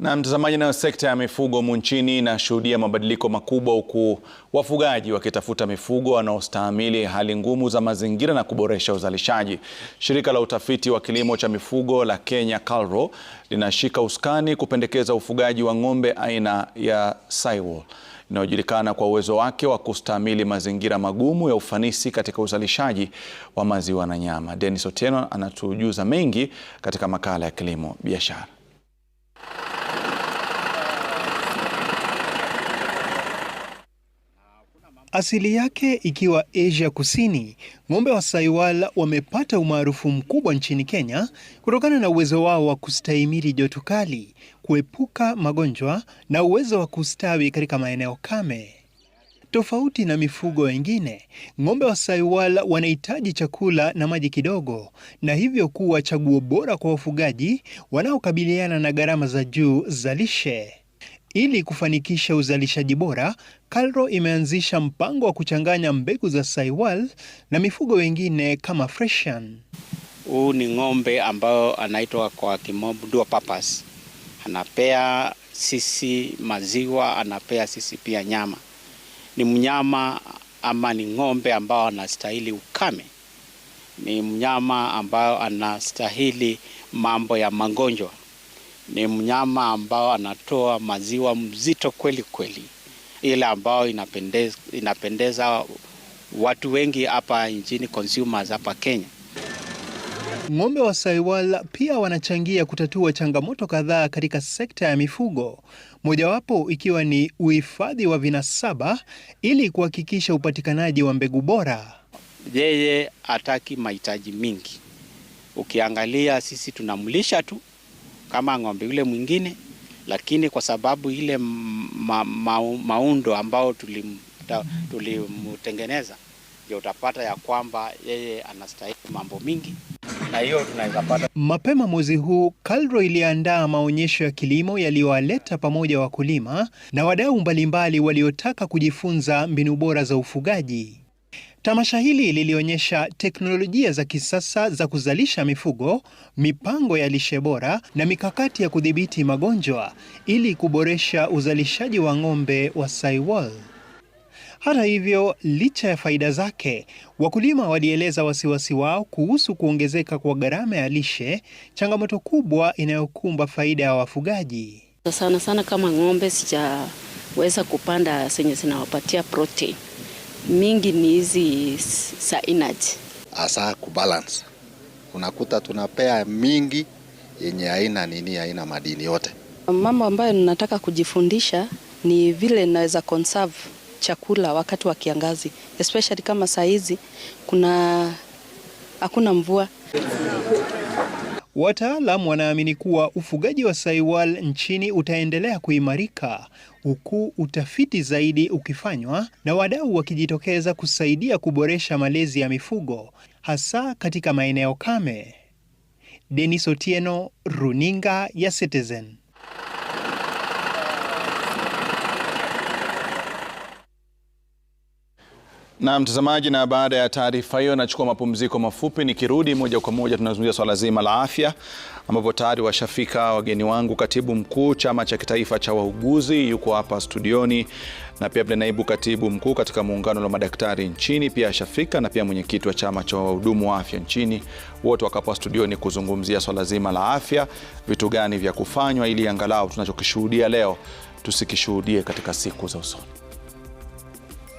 Na mtazamaji, nayo sekta ya mifugo humu nchini inashuhudia mabadiliko makubwa huku wafugaji wakitafuta mifugo wanaostahimili hali ngumu za mazingira na kuboresha uzalishaji. Shirika la utafiti wa kilimo cha mifugo la Kenya KALRO linashika usukani kupendekeza ufugaji wa ng'ombe aina ya Sahiwal inayojulikana kwa uwezo wake wa kustahimili mazingira magumu ya ufanisi katika uzalishaji wa maziwa na nyama. Dennis Otieno anatujuza mengi katika makala ya Kilimo Biashara. Asili yake ikiwa Asia Kusini, ng'ombe wa Saiwal wamepata umaarufu mkubwa nchini Kenya kutokana na uwezo wao wa kustahimili joto kali, kuepuka magonjwa na uwezo wa kustawi katika maeneo kame. Tofauti na mifugo wengine, ng'ombe wa Saiwal wanahitaji chakula na maji kidogo, na hivyo kuwa chaguo bora kwa wafugaji wanaokabiliana na gharama za juu za lishe. Ili kufanikisha uzalishaji bora, KALRO imeanzisha mpango wa kuchanganya mbegu za Saiwal na mifugo wengine kama Freshian. Huu ni ng'ombe ambayo anaitwa kwa kimombo dual purpose. Anapea sisi maziwa, anapea sisi pia nyama. Ni mnyama ama ni ng'ombe ambao anastahili ukame, ni mnyama ambayo anastahili mambo ya magonjwa ni mnyama ambao anatoa maziwa mzito kweli kweli, ile ambao inapendeza, inapendeza watu wengi hapa nchini, consumers hapa Kenya. Ng'ombe wa Saiwal pia wanachangia kutatua changamoto kadhaa katika sekta ya mifugo, mojawapo ikiwa ni uhifadhi wa vinasaba ili kuhakikisha upatikanaji wa mbegu bora. Yeye hataki mahitaji mingi. Ukiangalia sisi tunamlisha tu kama ng'ombe yule mwingine, lakini kwa sababu ile ma, ma, maundo ambao tulimtengeneza tuli ndio utapata ya kwamba yeye anastahili mambo mingi na hiyo tunaweza pata. Mapema mwezi huu KALRO iliandaa maonyesho ya kilimo yaliyowaleta pamoja wakulima na wadau mbalimbali waliotaka kujifunza mbinu bora za ufugaji. Tamasha hili lilionyesha teknolojia za kisasa za kuzalisha mifugo, mipango ya lishe bora na mikakati ya kudhibiti magonjwa ili kuboresha uzalishaji wa ng'ombe wa Saiwal. Hata hivyo, licha ya faida zake, wakulima walieleza wasiwasi wao kuhusu kuongezeka kwa gharama ya lishe, changamoto kubwa inayokumba faida ya wafugaji. Sana sana kama ng'ombe sijaweza kupanda zenye zinawapatia protein mingi ni hizi za energy, hasa kubalance. Unakuta tunapea mingi yenye aina nini, aina madini yote. Mambo ambayo ninataka kujifundisha ni vile naweza conserve chakula wakati wa kiangazi, especially kama saa hizi kuna hakuna mvua Wataalam wanaamini kuwa ufugaji wa saiwal nchini utaendelea kuimarika huku utafiti zaidi ukifanywa na wadau wakijitokeza kusaidia kuboresha malezi ya mifugo hasa katika maeneo kame. Denis Otieno, Runinga ya Citizen. Na mtazamaji, na baada ya taarifa hiyo, nachukua mapumziko mafupi. Nikirudi moja kwa moja, tunazungumzia swala zima la afya, ambapo tayari washafika wageni wangu. Katibu mkuu chama cha kitaifa cha wauguzi yuko hapa studioni, na pia vile naibu katibu mkuu katika muungano la madaktari nchini pia ashafika, na pia mwenyekiti wa chama cha wahudumu wa afya nchini, wote wakapa studioni kuzungumzia swala zima la afya, vitu gani vya kufanywa ili angalau tunachokishuhudia leo tusikishuhudie katika siku za usoni.